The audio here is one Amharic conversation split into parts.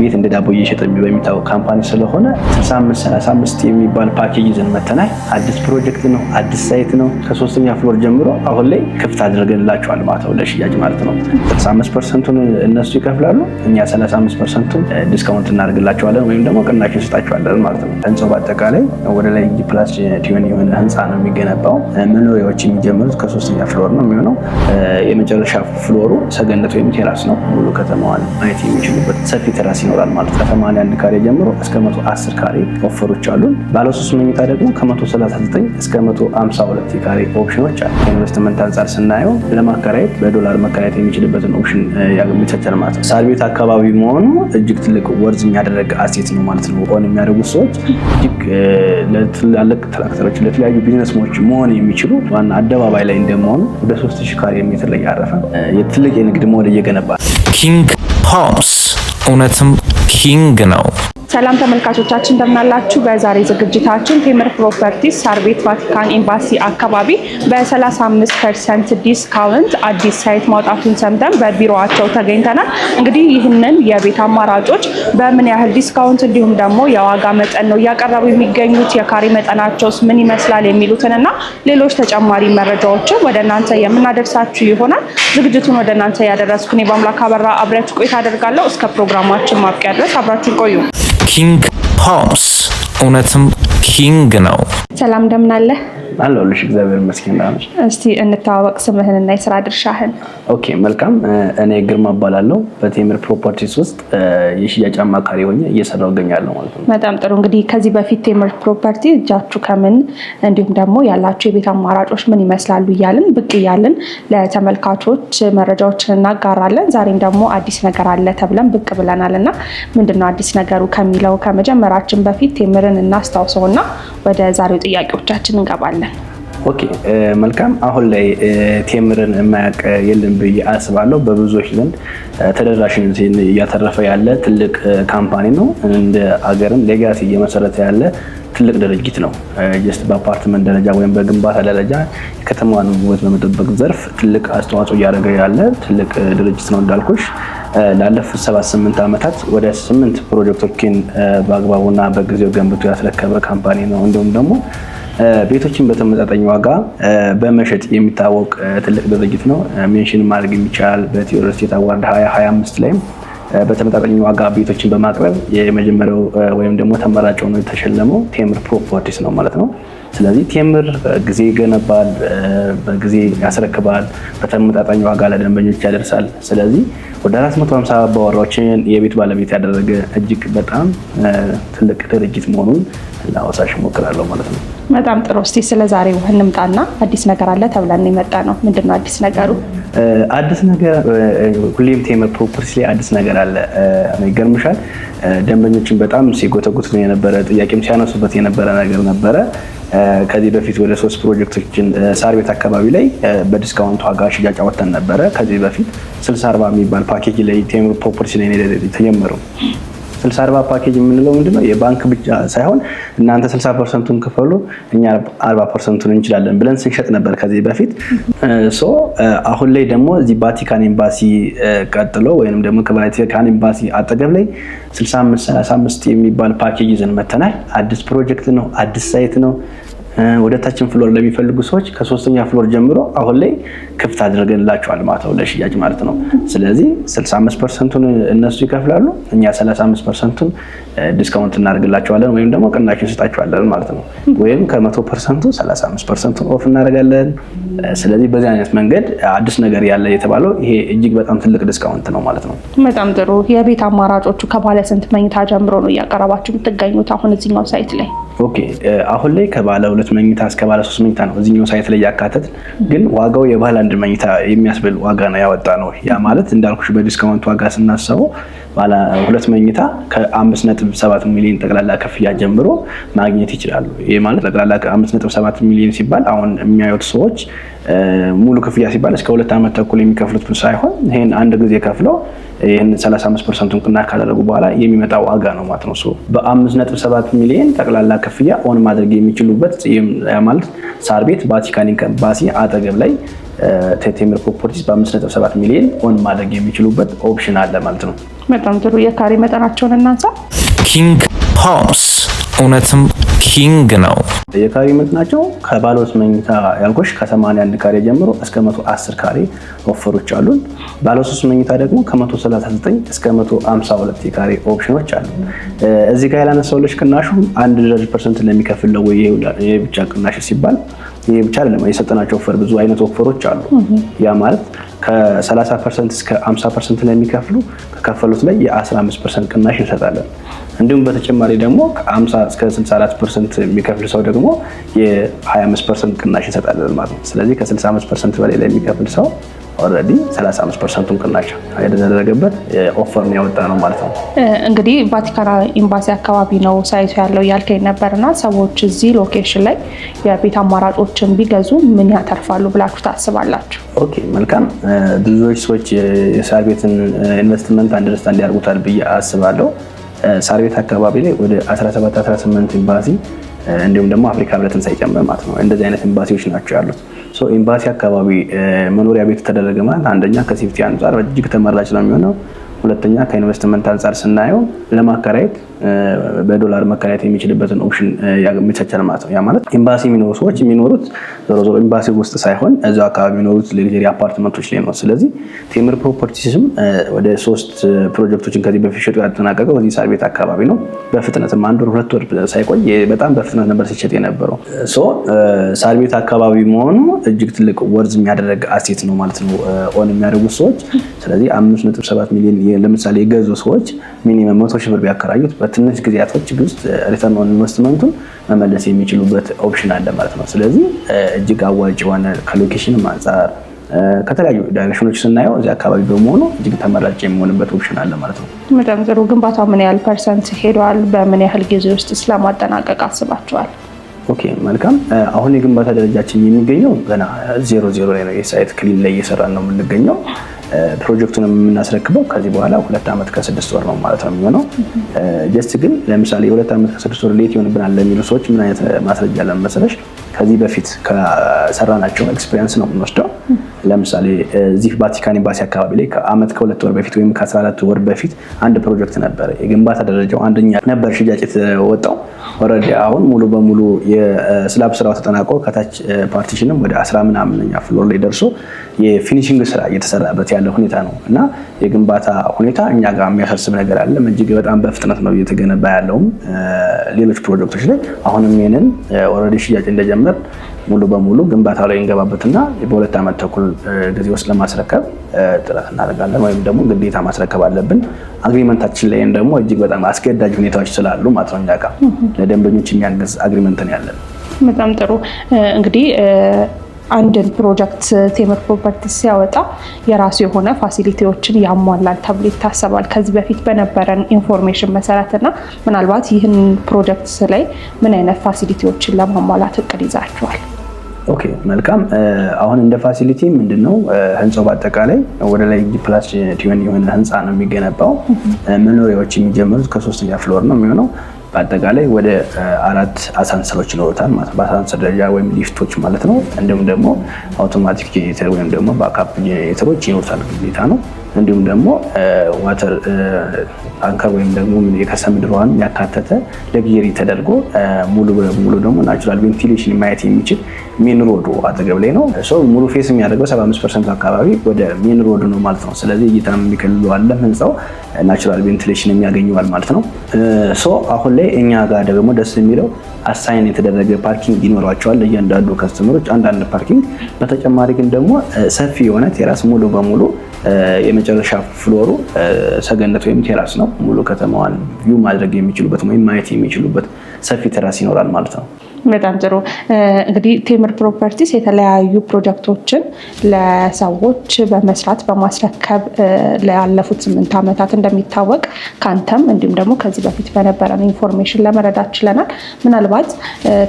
ቤት እንደ ዳቦ እየሸጠ በሚታወቅ ካምፓኒ ስለሆነ 6535 የሚባል ፓኬጅ ይዘን መተናል። አዲስ ፕሮጀክት ነው፣ አዲስ ሳይት ነው። ከሶስተኛ ፍሎር ጀምሮ አሁን ላይ ክፍት አድርገንላቸዋል ማለት ነው፣ ለሽያጭ ማለት ነው። 35 ፐርሰንቱን እነሱ ይከፍላሉ፣ እኛ 35 ፐርሰንቱን ዲስካውንት እናደርግላቸዋለን ወይም ደግሞ ቅናሽ እንሰጣቸዋለን ማለት ነው። ህንፃው በአጠቃላይ ወደ ላይ ፕላስ ቲዮን የሆነ ህንፃ ነው የሚገነባው። መኖሪያዎች የሚጀምሩት ከሶስተኛ ፍሎር ነው የሚሆነው። የመጨረሻ ፍሎሩ ሰገነት ወይም ቴራስ ነው። ሙሉ ከተማዋን ማየት የሚችሉበት ሰፊ ቴራስ ይኖራል ማለት ነው። ከ81 ካሬ ጀምሮ እስከ 110 ካሬ ኦፈሮች አሉን። ባለ ሶስት መኝታ ደግሞ ከ139 እስከ 152 ካሬ ኦፕሽኖች አሉ። ከኢንቨስትመንት አንጻር ስናየው ለማከራየት በዶላር መከራየት የሚችልበትን ኦፕሽን ያመቻቻል ማለት ነው። ሳር ቤት አካባቢ መሆኑ እጅግ ትልቅ ወርዝ የሚያደረግ አሴት ነው ማለት ነው። ሆን የሚያደርጉት ሰዎች እጅግ ለትላልቅ ትራክተሮች፣ ለተለያዩ ቢዝነስሞች መሆን የሚችሉ ዋና አደባባይ ላይ እንደመሆኑ ወደ 3000 ካሬ ሜትር ላይ ያረፈ ትልቅ የንግድ ሞል እየገነባ ኪንግ ሆምስ እውነትም não ሰላም ተመልካቾቻችን እንደምናላችሁ። በዛሬ ዝግጅታችን ቴምር ፕሮፐርቲስ ሳር ቤት ቫቲካን ኤምባሲ አካባቢ በ35 ፐርሰንት ዲስካውንት አዲስ ሳይት ማውጣቱን ሰምተን በቢሮቸው ተገኝተናል። እንግዲህ ይህንን የቤት አማራጮች በምን ያህል ዲስካውንት እንዲሁም ደግሞ የዋጋ መጠን ነው እያቀረቡ የሚገኙት የካሬ መጠናቸውስ ምን ይመስላል የሚሉትን እና ሌሎች ተጨማሪ መረጃዎችን ወደ እናንተ የምናደርሳችሁ ይሆናል። ዝግጅቱን ወደ እናንተ ያደረስኩ እኔ በአምላክ አበራ አብሪያችሁ ቆይታ አደርጋለሁ። እስከ ፕሮግራማችን ማብቂያ ድረስ አብራችሁ ቆዩ። ኪንግ ሆምስ እውነትም ኪንግ ነው። ሰላም እንደምናለህ አለሁልሽ። እግዚአብሔር ይመስገን። እስቲ እንተዋወቅ፣ ስምህን እና የስራ ድርሻህን። ኦኬ መልካም። እኔ ግርማ እባላለሁ። በቴምር ፕሮፐርቲስ ውስጥ የሽያጭ አማካሪ ሆኜ እየሰራሁ እገኛለሁ ማለት ነው። በጣም ጥሩ። እንግዲህ ከዚህ በፊት ቴምር ፕሮፐርቲ እጃችሁ ከምን እንዲሁም ደግሞ ያላችሁ የቤት አማራጮች ምን ይመስላሉ እያልን ብቅ እያልን ለተመልካቾች መረጃዎችን እናጋራለን። ዛሬም ደግሞ አዲስ ነገር አለ ተብለን ብቅ ብለናል እና ምንድነው አዲስ ነገሩ ከሚለው ከመጀመራችን በፊት ቴምርን እናስታውሰውና ወደ ዛሬው ጥያቄዎቻችን እንገባለን። እንችላለን። ኦኬ መልካም። አሁን ላይ ቴምርን የማያውቅ የለም ብዬ አስባለሁ። በብዙዎች ዘንድ ተደራሽነትን እያተረፈ ያለ ትልቅ ካምፓኒ ነው። እንደ አገርም ሌጋሲ እየመሰረተ ያለ ትልቅ ድርጅት ነው። ጀስት በአፓርትመንት ደረጃ ወይም በግንባታ ደረጃ የከተማዋን ውበት በመጠበቅ ዘርፍ ትልቅ አስተዋጽኦ እያደረገ ያለ ትልቅ ድርጅት ነው እንዳልኩሽ ላለፉት ሰባት ስምንት ዓመታት ወደ ስምንት ፕሮጀክቶችን በአግባቡና በጊዜው ገንብቶ ያስረከበ ካምፓኒ ነው። እንዲሁም ደግሞ ቤቶችን በተመጣጣኝ ዋጋ በመሸጥ የሚታወቅ ትልቅ ድርጅት ነው። ሜንሽን ማድረግ የሚቻል በሪል ስቴት አዋርድ 2025 ላይም በተመጣጣኝ ዋጋ ቤቶችን በማቅረብ የመጀመሪያው ወይም ደግሞ ተመራጭ ሆኖ የተሸለመው ቴምር ፕሮፐርቲስ ነው ማለት ነው። ስለዚህ ቴምር ጊዜ ይገነባል፣ በጊዜ ያስረክባል፣ በተመጣጣኝ ዋጋ ለደንበኞች ያደርሳል። ስለዚህ ወደ 450 አባወራዎችን የቤት ባለቤት ያደረገ እጅግ በጣም ትልቅ ድርጅት መሆኑን ለአወሳሽ እሞክራለሁ ማለት ነው። በጣም ጥሩ። እስቲ ስለ ዛሬው እንምጣና አዲስ ነገር አለ ተብለን የመጣ ነው። ምንድነው አዲስ ነገሩ? አዲስ ነገር ሁሌም ቴመ ፕሮፐርስ ላይ አዲስ ነገር አለ። ይገርምሻል፣ ደንበኞችን በጣም ሲጎተጉት ነው የነበረ፣ ጥያቄም ሲያነሱበት የነበረ ነገር ነበረ። ከዚህ በፊት ወደ ሶስት ፕሮጀክቶችን ሳር ቤት አካባቢ ላይ በዲስካውንት ዋጋ ሽያጭ አወጥተን ነበረ። ከዚህ በፊት ስልሳ አርባ የሚባል ፓኬጅ ላይ ቴምር ፕሮፐርቲ ላይ የተጀመረው ስልሳ አርባ ፓኬጅ የምንለው ምንድነው? የባንክ ብቻ ሳይሆን እናንተ ስልሳ ፐርሰንቱን ክፈሉ እኛ አርባ ፐርሰንቱን እንችላለን ብለን ስንሸጥ ነበር ከዚህ በፊት። ሶ አሁን ላይ ደግሞ እዚህ ቫቲካን ኤምባሲ ቀጥሎ ወይም ደግሞ ከቫቲካን ኤምባሲ አጠገብ ላይ ስልሳ አምስት የሚባል ፓኬጅ ይዘን መተናል። አዲስ ፕሮጀክት ነው። አዲስ ሳይት ነው። ወደታችን ፍሎር ለሚፈልጉ ሰዎች ከሶስተኛ ፍሎር ጀምሮ አሁን ላይ ክፍት አድርገንላቸዋል ማለት ነው፣ ለሽያጭ ማለት ነው። ስለዚህ 65 ፐርሰንቱን እነሱ ይከፍላሉ፣ እኛ 35 ፐርሰንቱን ዲስካውንት እናደርግላቸዋለን ወይም ደግሞ ቅናሽ እንሰጣቸዋለን ማለት ነው። ወይም ከመቶ ፐርሰንቱ 35 ፐርሰንቱን ኦፍ እናደርጋለን። ስለዚህ በዚህ አይነት መንገድ አዲስ ነገር ያለ የተባለው ይሄ እጅግ በጣም ትልቅ ዲስካውንት ነው ማለት ነው። በጣም ጥሩ የቤት አማራጮቹ ከባለ ስንት መኝታ ጀምሮ ነው እያቀረባችሁ የምትገኙት አሁን እዚህኛው ሳይት ላይ? ኦኬ አሁን ላይ ከባለ ሁለት መኝታ እስከ ባለ ሶስት መኝታ ነው እዚኛው ሳይት ላይ ያካተትን፣ ግን ዋጋው የባለ አንድ መኝታ የሚያስብል ዋጋ ነው ያወጣ ነው። ያ ማለት እንዳልኩሽ በዲስካውንት ዋጋ ስናሰቡ ባለ ሁለት መኝታ ከአምስት ነጥብ ሰባት ሚሊዮን ጠቅላላ ክፍያ ጀምሮ ማግኘት ይችላሉ። ይህ ማለት ጠቅላላ ከአምስት ነጥብ ሰባት ሚሊዮን ሲባል አሁን የሚያዩት ሰዎች ሙሉ ክፍያ ሲባል እስከ ሁለት ዓመት ተኩል የሚከፍሉት ሳይሆን ይህን አንድ ጊዜ ከፍለው ይህን 35 ፐርሰንቱን ቅና ካደረጉ በኋላ የሚመጣ ዋጋ ነው ማለት ነው። በ5.7 ሚሊዮን ጠቅላላ ክፍያ ኦን ማድረግ የሚችሉበት ማለት ሳር ቤት ቫቲካን ኤምባሲ አጠገብ ላይ ቴምር ፕሮፐርቲስ በ5.7 ሚሊዮን ኦን ማድረግ የሚችሉበት ኦፕሽን አለ ማለት ነው። በጣም ጥሩ። የካሬ መጠናቸውን እናንሳ። ኪንግ ሆምስ እውነትም ኪንግ ነው። የካሪ ምት ናቸው ከባለሁለት መኝታ ያልኮች ከ81 ካሬ ጀምሮ እስከ 110 ካሬ ኦፈሮች አሉን። ባለሶስት መኝታ ደግሞ ከ139 እስከ 152 የካሬ ኦፕሽኖች አሉ። እዚህ ጋር ያላነሳውለች ቅናሹ አንድ ፐርሰንት ለሚከፍል ለወይ ብቻ ቅናሽ ሲባል ይህ ብቻ አይደለም። የሰጠናቸው ኦፈር ብዙ አይነት ኦፈሮች አሉ። ያ ማለት ከ30 ፐርሰንት እስከ 50 ፐርሰንት ላይ የሚከፍሉ ከከፈሉት ላይ የ15 ፐርሰንት ቅናሽ እንሰጣለን። እንዲሁም በተጨማሪ ደግሞ ከ50 እስከ 64 ፐርሰንት የሚከፍል ሰው ደግሞ የ25 ፐርሰንት ቅናሽ እንሰጣለን ማለት ነው። ስለዚህ ከ65 ፐርሰንት በላይ ላይ የሚከፍል ሰው ኦልሬዲ 35 ፐርሰንቱን ቅናሽ የተደረገበት ኦፈርን ያወጣ ነው ማለት ነው። እንግዲህ ቫቲካን ኤምባሲ አካባቢ ነው ሳይቱ ያለው ያልከኝ ነበርና ሰዎች እዚህ ሎኬሽን ላይ የቤት አማራጮችን ቢገዙ ምን ያተርፋሉ ብላችሁ ታስባላችሁ? ኦኬ መልካም። ብዙዎች ሰዎች የሳር ቤትን ኢንቨስትመንት አንደርስታንድ ያርጉታል ብዬ አስባለሁ። ሳር ቤት አካባቢ ላይ ወደ 17 18 ኤምባሲ እንዲሁም ደግሞ አፍሪካ ህብረትን ሳይጨምር ማለት ነው እንደዚህ አይነት ኤምባሲዎች ናቸው ያሉት። ኤምባሲ አካባቢ መኖሪያ ቤት ተደረገ ማለት አንደኛ ከሴፍቲ አንጻር እጅግ ተመራጭ ነው የሚሆነው። ሁለተኛ ከኢንቨስትመንት አንጻር ስናየው ለማከራየት በዶላር መከራየት የሚችልበትን ኦፕሽን ያመቻቻል ማለት ነው። ያ ማለት ኤምባሲ የሚኖሩ ሰዎች የሚኖሩት ዞሮ ዞሮ ኤምባሲ ውስጥ ሳይሆን እዚ አካባቢ የሚኖሩት ሌግሪ አፓርትመንቶች ላይ ነው። ስለዚህ ቴምር ፕሮፐርቲስም ወደ ሶስት ፕሮጀክቶችን ከዚህ በፊት ሸጡ ያጠናቀቀው በዚህ ሳር ቤት አካባቢ ነው። በፍጥነትም አንድ ወር ሁለት ወር ሳይቆይ በጣም በፍጥነት ነበር ሲሸጥ የነበረው። ሳር ቤት አካባቢ መሆኑ እጅግ ትልቅ ወርዝ የሚያደረግ አሴት ነው ማለት ነው ኦን የሚያደርጉት ሰዎች ስለዚህ አምስት ነጥብ ሰባት ሚሊዮን ለምሳሌ የገዙ ሰዎች ሚኒመም መቶ ሺህ ብር ቢያከራዩት በትንሽ ጊዜያቶች ውስጥ ሪተርን ኦን ኢንቨስትመንቱን መመለስ የሚችሉበት ኦፕሽን አለ ማለት ነው። ስለዚህ እጅግ አዋጭ የሆነ ከሎኬሽንም አንጻር ከተለያዩ ዳይሬክሽኖች ስናየው እዚህ አካባቢ በመሆኑ እጅግ ተመራጭ የሚሆንበት ኦፕሽን አለ ማለት ነው። በጣም ጥሩ። ግንባታው ምን ያህል ፐርሰንት ሄደዋል? በምን ያህል ጊዜ ውስጥ ስለማጠናቀቅ አስባቸዋል? ኦኬ መልካም። አሁን የግንባታ ደረጃችን የሚገኘው ገና ዜሮ ዜሮ ላይ ነው። የሳይት ክሊን ላይ እየሰራን ነው የምንገኘው ፕሮጀክቱን የምናስረክበው ከዚህ በኋላ ሁለት ዓመት ከስድስት ወር ነው ማለት ነው የሚሆነው። ጀስት ግን ለምሳሌ የሁለት ዓመት ከስድስት ወር ሌት ይሆንብናል ለሚሉ ሰዎች ምን አይነት ማስረጃ ለመሰለሽ ከዚህ በፊት ከሰራናቸው ኤክስፔሪንስ ነው የምንወስደው ለምሳሌ እዚህ ቫቲካን ኤምባሲ አካባቢ ላይ ከአመት ከሁለት ወር በፊት ወይም ከ14 ወር በፊት አንድ ፕሮጀክት ነበር። የግንባታ ደረጃው አንደኛ ነበር ሽያጭ የተወጣው። ወረዲ አሁን ሙሉ በሙሉ የስላብ ስራው ተጠናቆ ከታች ፓርቲሽንም ወደ አስራ ምናምነኛ ፍሎር ላይ ደርሶ የፊኒሽንግ ስራ እየተሰራበት ያለ ሁኔታ ነው እና የግንባታ ሁኔታ እኛ ጋር የሚያሳስብ ነገር አለም። እጅግ በጣም በፍጥነት ነው እየተገነባ ያለውም ሌሎች ፕሮጀክቶች ላይ አሁንም ይህንን ወረዲ ሽያጭ እንደጀመር ሙሉ በሙሉ ግንባታ ላይ እንገባበትና በሁለት ዓመት ተኩል ጊዜ ውስጥ ለማስረከብ ጥረት እናደርጋለን፣ ወይም ደግሞ ግዴታ ማስረከብ አለብን። አግሪመንታችን ላይም ደግሞ እጅግ በጣም አስገዳጅ ሁኔታዎች ስላሉ ማለት ነው እኛ ጋር ለደንበኞች የሚያገዝ አግሪመንትን ያለን። በጣም ጥሩ እንግዲህ አንድን ፕሮጀክት ቴምር ፕሮፐርቲ ሲያወጣ የራሱ የሆነ ፋሲሊቲዎችን ያሟላል ተብሎ ይታሰባል። ከዚህ በፊት በነበረን ኢንፎርሜሽን መሰረትና ምናልባት ይህን ፕሮጀክት ላይ ምን አይነት ፋሲሊቲዎችን ለማሟላት እቅድ ይዛቸዋል? ኦኬ መልካም። አሁን እንደ ፋሲሊቲ ምንድን ነው ህንፃው በአጠቃላይ ወደ ላይ ፕላስ ቲዮን የሆነ ህንፃ ነው የሚገነባው። መኖሪያዎች የሚጀምሩት ከሶስተኛ ፍሎር ነው የሚሆነው። በአጠቃላይ ወደ አራት አሳንሰሮች ይኖሩታል ማለት ነው። በአሳንሰር ደረጃ ወይም ሊፍቶች ማለት ነው። እንዲሁም ደግሞ አውቶማቲክ ጄኔሬተር ወይም ደግሞ በአካፕ ጄኔሬተሮች ይኖሩታል ግዴታ ነው። እንዲሁም ደግሞ ዋተር ታንከር ወይም ደግሞ የከርሰ ምድር ያካተተ ለግየሪ ተደርጎ ሙሉ በሙሉ ደግሞ ናቹራል ቬንቲሌሽን ማየት የሚችል ሜን ሮዱ አጠገብ ላይ ነው። ሙሉ ፌስ የሚያደርገው 75 ፐርሰንት አካባቢ ወደ ሜን ሮዱ ነው ማለት ነው። ስለዚህ እይታ የሚከልሉ ህንፃው ናቹራል ቬንቲሌሽን የሚያገኘዋል ማለት ነው። ሶ አሁን ላይ እኛ ጋር ደግሞ ደስ የሚለው አሳይን የተደረገ ፓርኪንግ ይኖሯቸዋል ለእያንዳንዱ ከስተመሮች አንዳንድ ፓርኪንግ። በተጨማሪ ግን ደግሞ ሰፊ የሆነ ቴራስ ሙሉ በሙሉ የመጨረሻ ፍሎሩ ሰገነት ወይም ቴራስ ነው። ሙሉ ከተማዋን ቪው ማድረግ የሚችሉበት ወይም ማየት የሚችሉበት ሰፊ ቴራስ ይኖራል ማለት ነው። በጣም ጥሩ እንግዲህ ቴምር ፕሮፐርቲስ የተለያዩ ፕሮጀክቶችን ለሰዎች በመስራት በማስረከብ ላለፉት ስምንት ዓመታት እንደሚታወቅ ከአንተም እንዲሁም ደግሞ ከዚህ በፊት በነበረን ኢንፎርሜሽን ለመረዳት ችለናል። ምናልባት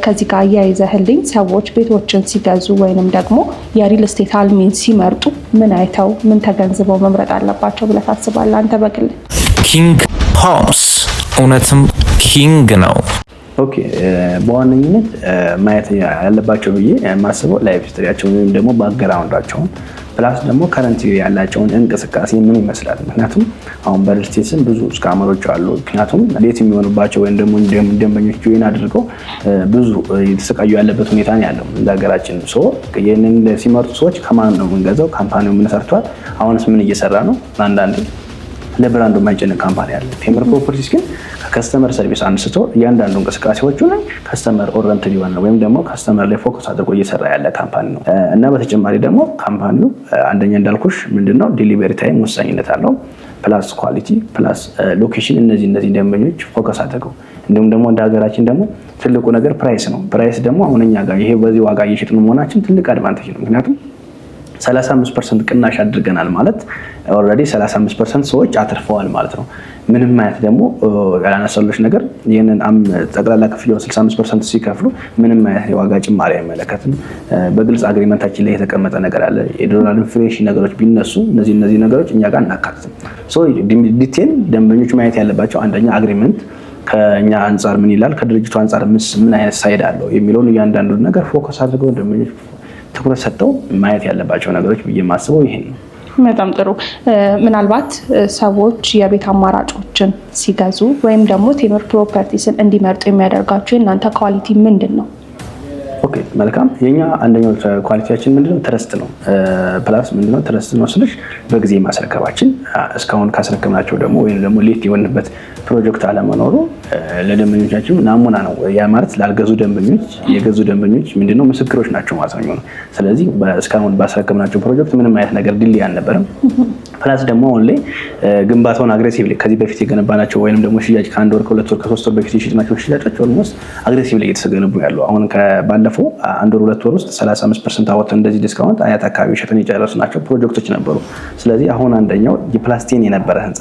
ከዚህ ጋር እያይዘህልኝ ሰዎች ቤቶችን ሲገዙ ወይንም ደግሞ የሪል ስቴት አልሚን ሲመርጡ ምን አይተው ምን ተገንዝበው መምረጥ አለባቸው ብለህ ታስባለህ አንተ በግል? ኪንግ ሆምስ እውነትም ኪንግ ነው። ኦኬ በዋነኝነት ማየት ያለባቸው ብዬ የማስበው ላይፍ ሂስትሪያቸውን ወይም ደግሞ ባክግራውንዳቸውን ፕላስ ደግሞ ከረንት ያላቸውን እንቅስቃሴ ምን ይመስላል። ምክንያቱም አሁን በሪልስቴት ብዙ ስካመሮች አሉ። ምክንያቱም ቤት የሚሆኑባቸው ወይም ደግሞ ደንበኞች ጆይን አድርገው ብዙ የተሰቃዩ ያለበት ሁኔታ ነው ያለው እንደ ሀገራችን። ሶ ይህንን ሲመርጡ ሰዎች ከማን ነው የምንገዛው፣ ካምፓኒው ምን ሰርቷል፣ አሁንስ ምን እየሰራ ነው አንዳንዴ ለብራንዱ የማይጨነቅ ካምፓኒ አለ። ቴምር ፕሮፐርቲስ ግን ከከስተመር ሰርቪስ አንስቶ እያንዳንዱ እንቅስቃሴዎቹ ላይ ከስተመር ኦሪየንትድ የሆነ ወይም ደግሞ ከስተመር ላይ ፎከስ አድርጎ እየሰራ ያለ ካምፓኒ ነው እና በተጨማሪ ደግሞ ካምፓኒው አንደኛ እንዳልኩሽ ምንድነው ዲሊቨሪ ታይም ወሳኝነት አለው። ፕላስ ኳሊቲ ፕላስ ሎኬሽን፣ እነዚህ እነዚህ ደንበኞች ፎከስ አድርገው እንዲሁም ደግሞ እንደ ሀገራችን ደግሞ ትልቁ ነገር ፕራይስ ነው። ፕራይስ ደግሞ አሁን እኛ ጋር ይሄ በዚህ ዋጋ እየሸጥን መሆናችን ትልቅ አድቫንቴጅ ነው ምክንያቱም 35 ፐርሰንት ቅናሽ አድርገናል ማለት ኦልሬዲ 35 ፐርሰንት ሰዎች አትርፈዋል ማለት ነው። ምንም አይነት ደግሞ ያላነሳሎች ነገር ይህንን ጠቅላላ ክፍያውን 65 ፐርሰንት ሲከፍሉ ምንም አይነት የዋጋ ጭማሪ አይመለከትም። በግልጽ አግሪመንታችን ላይ የተቀመጠ ነገር አለ። የዶላር ኢንፍሌሽን ነገሮች ቢነሱ እነዚህ እነዚህ ነገሮች እኛ ጋር እናካትትም። ዲቴል ደንበኞች ማየት ያለባቸው አንደኛ አግሪመንት ከእኛ አንጻር ምን ይላል፣ ከድርጅቱ አንጻር ምን አይነት ሳይድ አለው የሚለውን እያንዳንዱ ነገር ፎከስ አድርገው ደንበኞች ትኩረት ሰጥተው ማየት ያለባቸው ነገሮች ብዬ ማስበው ይሄን ነው። በጣም ጥሩ። ምናልባት ሰዎች የቤት አማራጮችን ሲገዙ ወይም ደግሞ ቴምር ፕሮፐርቲስን እንዲመርጡ የሚያደርጋቸው የእናንተ ኳሊቲ ምንድን ነው? ኦኬ መልካም። የኛ አንደኛው ኳሊቲያችን ምንድነው? ትረስት ነው። ፕላስ ምንድነው ትረስት ነው ስልሽ በጊዜ ማስረከባችን እስካሁን ካስረከብናቸው ደግሞ ወይም ደግሞ ሌት የሆንበት ፕሮጀክት አለመኖሩ ለደንበኞቻችን ናሙና ነው። ያ ማለት ላልገዙ ደንበኞች የገዙ ደንበኞች ምንድነው ምስክሮች ናቸው ማለት ነው። ስለዚህ እስካሁን ባስረከብናቸው ፕሮጀክት ምንም አይነት ነገር ድል አልነበረም። ፕላስ ደግሞ አሁን ላይ ግንባታውን አግሬሲቭሊ ከዚህ በፊት የገነባናቸው ወይም ደግሞ ሽያጭ ከአንድ ወር ከሁለት ወር ከሶስት ወር በፊት የሽጥናቸው ሽያጮች ኦልሞስት ላይ እየተገነቡ ያሉ አሁን ባለፈው ባለፈው አንድ ወር ሁለት ወር ውስጥ 35 ፐርሰንት አወጥተን እንደዚህ ዲስካውንት አያት አካባቢ ሸጠን ናቸው ፕሮጀክቶች ነበሩ። ስለዚህ አሁን አንደኛው የፕላስቲን የነበረ ህንፃ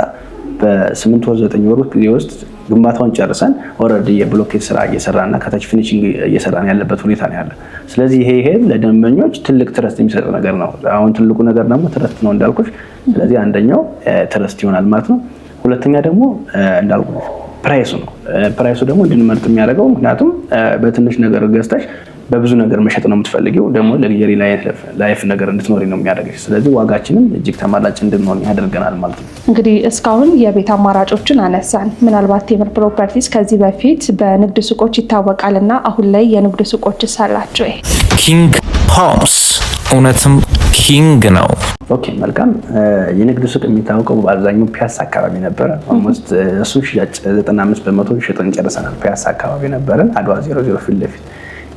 በስምንት ወር ዘጠኝ ወር ጊዜ ውስጥ ግንባታውን ጨርሰን ኦልሬዲ የብሎኬት ስራ እየሰራና ከታች ፊኒሽንግ እየሰራን ያለበት ሁኔታ ነው ያለ። ስለዚህ ይሄ ይሄ ለደንበኞች ትልቅ ትረስት የሚሰጠው ነገር ነው። አሁን ትልቁ ነገር ደግሞ ትረስት ነው እንዳልኩሽ። ስለዚህ አንደኛው ትረስት ይሆናል ማለት ነው። ሁለተኛ ደግሞ እንዳልኩ ፕራይሱ ነው። ፕራይሱ ደግሞ እንድንመርጥ የሚያደርገው ምክንያቱም በትንሽ ነገር ገዝተሽ በብዙ ነገር መሸጥ ነው የምትፈልጊው። ደግሞ ለግጀሪ ላይፍ ነገር እንድትኖሪ ነው የሚያደርግሽ። ስለዚህ ዋጋችንም እጅግ ተማራጭ እንድንሆን ያደርገናል ማለት ነው። እንግዲህ እስካሁን የቤት አማራጮችን አነሳን። ምናልባት ቴምር ፕሮፐርቲስ ከዚህ በፊት በንግድ ሱቆች ይታወቃል እና አሁን ላይ የንግድ ሱቆች ሳላቸው ኪንግ ሆምስ እውነትም ኪንግ ነው። ኦኬ መልካም። የንግድ ሱቅ የሚታወቀው በአብዛኛው ፒያሳ አካባቢ ነበረ። ኦልሞስት እሱ ሽያጭ 95 በመቶ ሽጠን ጨርሰናል። ፒያሳ አካባቢ ነበረ አድዋ ዜሮ ዜሮ ፊት ለፊት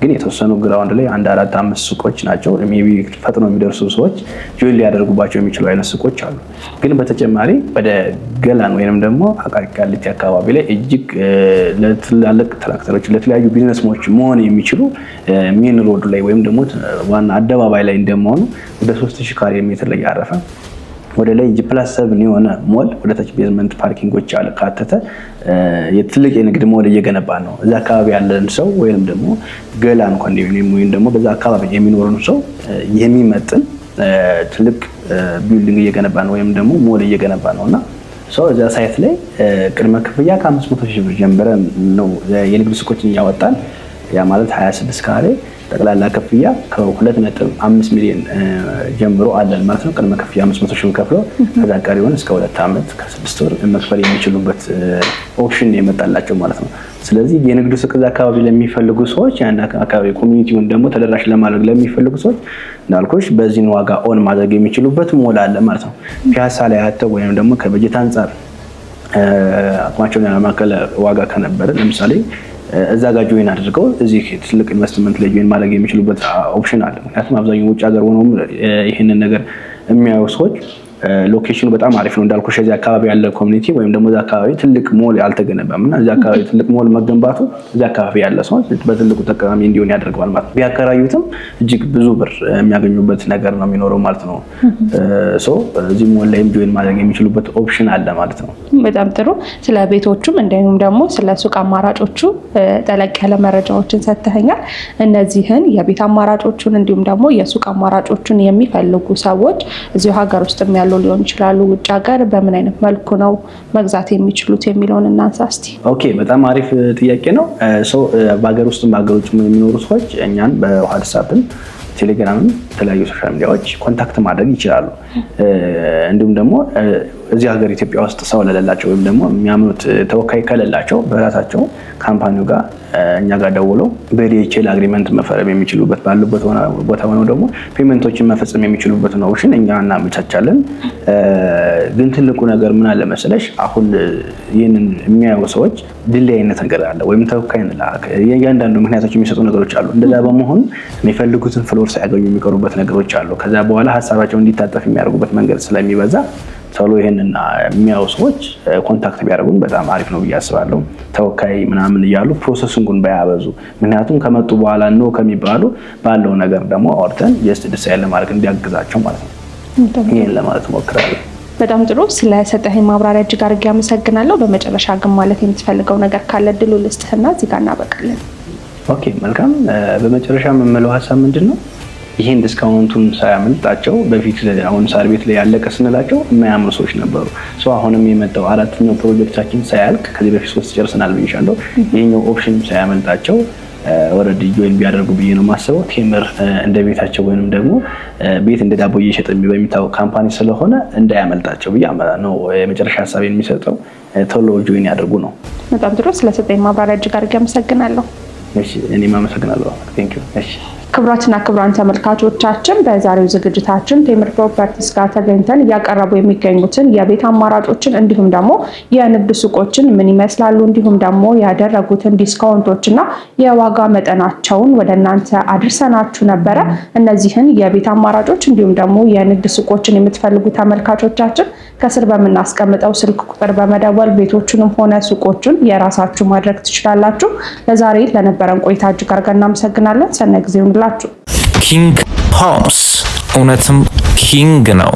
ግን የተወሰኑ ግራውንድ ላይ አንድ አራት አምስት ሱቆች ናቸው። ቢ ፈጥኖ የሚደርሱ ሰዎች ጆይን ሊያደርጉባቸው የሚችሉ አይነት ሱቆች አሉ። ግን በተጨማሪ ወደ ገላን ወይንም ደግሞ አቃቂ ቃሊቲ አካባቢ ላይ እጅግ ለትላልቅ ትራክተሮች ለተለያዩ ቢዝነስሞች መሆን የሚችሉ ሜን ሮድ ላይ ወይም ደግሞ ዋና አደባባይ ላይ እንደመሆኑ ወደ ሶስት ሺህ ካሬ ሜትር ላይ ያረፈ ወደ ላይ ጂፕላስ ፕላስ ሰብን የሆነ ሞል ወደታች ቤዝመንት ፓርኪንጎች አካተተ ትልቅ የንግድ ሞል እየገነባ ነው። እዛ አካባቢ ያለን ሰው ወይም ደግሞ ገላ ኮንዶሚኒየም ወይም ደግሞ በዛ አካባቢ የሚኖርን ሰው የሚመጥን ትልቅ ቢልዲንግ እየገነባ ነው፣ ወይም ደግሞ ሞል እየገነባ ነው እና ሰው እዛ ሳይት ላይ ቅድመ ክፍያ ከአምስት መቶ ሺህ ብር ጀምረን ነው የንግድ ሱቆችን እያወጣን ያ ማለት 26 ካሬ ጠቅላላ ክፍያ ከሁለት 25 አምስት ሚሊዮን ጀምሮ አለን ማለት ነው። ቅድመ ክፍያ 500 ሺህ ከፍለው ከዛ ቀሪውን እስከ ሁለት ዓመት ከስድስት ወር መክፈል የሚችሉበት ኦፕሽን የመጣላቸው ማለት ነው። ስለዚህ የንግዱ ስቅዝ አካባቢ ለሚፈልጉ ሰዎች ያን አካባቢ ኮሚኒቲውን ደግሞ ተደራሽ ለማድረግ ለሚፈልጉ ሰዎች እንዳልኮች በዚህን ዋጋ ኦን ማድረግ የሚችሉበት ሞል አለ ማለት ነው። ፒያሳ ላይ አተው ወይም ደግሞ ከበጀት አንጻር አቅማቸውን ያማከለ ዋጋ ከነበረ ለምሳሌ እዛ ጋር ጆይን አድርገው እዚህ ትልቅ ኢንቨስትመንት ላይ ጆይን ማድረግ የሚችሉበት ኦፕሽን አለ። ምክንያቱም አብዛኛው ውጭ ሀገር ሆነውም ይህንን ነገር የሚያዩ ሰዎች ሎኬሽኑ በጣም አሪፍ ነው እንዳልኩሽ፣ እዚህ አካባቢ ያለ ኮሚኒቲ ወይም ደግሞ እዚህ አካባቢ ትልቅ ሞል አልተገነባም እና እዚህ አካባቢ ትልቅ ሞል መገንባቱ እዚህ አካባቢ ያለ ሰው በትልቁ ጠቃሚ እንዲሆን ያደርገዋል ማለት ነው። ቢያከራዩትም እጅግ ብዙ ብር የሚያገኙበት ነገር ነው የሚኖረው ማለት ነው። ሶ እዚህ ሞል ላይም ጆይን ማድረግ የሚችሉበት ኦፕሽን አለ ማለት ነው። በጣም ጥሩ። ስለ ቤቶቹም እንዲሁም ደግሞ ስለ ሱቅ አማራጮቹ ጠለቅ ያለ መረጃዎችን ሰጥተኛል። እነዚህን የቤት አማራጮቹን እንዲሁም ደግሞ የሱቅ አማራጮቹን የሚፈልጉ ሰዎች እዚሁ ሀገር ውስጥ ያሉ ያሉ ሊሆን ይችላሉ። ውጭ ሀገር በምን አይነት መልኩ ነው መግዛት የሚችሉት የሚለውን እናንሳ እስቲ። ኦኬ፣ በጣም አሪፍ ጥያቄ ነው። ሰው በሀገር ውስጥም በሀገር ውጭ የሚኖሩ ሰዎች እኛን በዋትሳፕም ቴሌግራምም የተለያዩ ሶሻል ሚዲያዎች ኮንታክት ማድረግ ይችላሉ። እንዲሁም ደግሞ እዚህ ሀገር ኢትዮጵያ ውስጥ ሰው ለሌላቸው ወይም ደግሞ የሚያምኑት ተወካይ ከሌላቸው በራሳቸው ካምፓኒው ጋር እኛ ጋር ደውለው በዲኤችኤል አግሪመንት መፈረም የሚችሉበት ባሉበት ቦታ ሆነው ደግሞ ፔመንቶችን መፈጸም የሚችሉበት ነው ኦፕሽን እኛ እናመቻቻለን። ግን ትልቁ ነገር ምን አለ መሰለሽ፣ አሁን ይህንን የሚያዩ ሰዎች ድል አይነት ነገር አለ ወይም ተወካይ እያንዳንዱ ምክንያቶች የሚሰጡ ነገሮች አሉ። እንደዛ በመሆኑ የሚፈልጉትን ፍሎር ሳያገኙ የሚቀሩበት ነገሮች አሉ። ከዛ በኋላ ሀሳባቸው እንዲታጠፍ የሚያደርጉበት መንገድ ስለሚበዛ ቶሎ ይሄንን የሚያው ሰዎች ኮንታክት ቢያደርጉን በጣም አሪፍ ነው ብዬ አስባለሁ። ተወካይ ምናምን እያሉ ፕሮሰሲንጉን ባያበዙ፣ ምክንያቱም ከመጡ በኋላ ኖ ከሚባሉ ባለው ነገር ደግሞ አውርተን ጀስት ዲሳይድ ለማድረግ እንዲያግዛቸው ማለት ነው። ይህን ለማለት እሞክራለሁ። በጣም ጥሩ። ስለሰጠህ ማብራሪያ እጅግ አድርጌ አመሰግናለሁ። በመጨረሻ ግን ማለት የምትፈልገው ነገር ካለ ድሉ ልስጥህና እዚህ ጋር እናበቃለን። ኦኬ፣ መልካም። በመጨረሻ የምንለው ሀሳብ ምንድን ነው? ይህን ዲስካውንቱን ሳያመልጣቸው በፊት አሁን ሳር ቤት ላይ ያለቀ ስንላቸው የማያምሩ ሰዎች ነበሩ። አሁንም የመጣው አራተኛው ፕሮጀክታችን ሳያልቅ ከዚህ በፊት ሶስት ጨርስናል ብንሻለው ይህኛው ኦፕሽን ሳያመልጣቸው ወረድ ጆይን ቢያደርጉ ብዬ ነው የማስበው። ቴምር እንደ ቤታቸው ወይም ደግሞ ቤት እንደ ዳቦ እየሸጠ በሚታወቅ ካምፓኒ ስለሆነ እንዳያመልጣቸው ብዬ ነው የመጨረሻ ሀሳብ የሚሰጠው። ቶሎ ጆይን ያደርጉ ነው። በጣም ጥሩ። ስለሰጠኝ ማብራሪያ እጅግ አድርጌ አመሰግናለሁ። እኔም አመሰግናለሁ። ክብራትና ክብራን ተመልካቾቻችን በዛሬው ዝግጅታችን ቴምር ፕሮፐርቲስ ጋር ተገኝተን እያቀረቡ የሚገኙትን የቤት አማራጮችን እንዲሁም ደግሞ የንግድ ሱቆችን ምን ይመስላሉ እንዲሁም ደግሞ ያደረጉትን ዲስካውንቶችና የዋጋ መጠናቸውን ወደ እናንተ አድርሰናችሁ ነበረ። እነዚህን የቤት አማራጮች እንዲሁም ደግሞ የንግድ ሱቆችን የምትፈልጉ ተመልካቾቻችን ከስር በምናስቀምጠው ስልክ ቁጥር በመደወል ቤቶቹንም ሆነ ሱቆቹን የራሳችሁ ማድረግ ትችላላችሁ። ለዛሬ ለነበረን ቆይታ እጅግ አድርገን እናመሰግናለን። ሰነ ጊዜ ሁንላችሁ ኪንግ ሆምስ እውነትም ኪንግ ነው።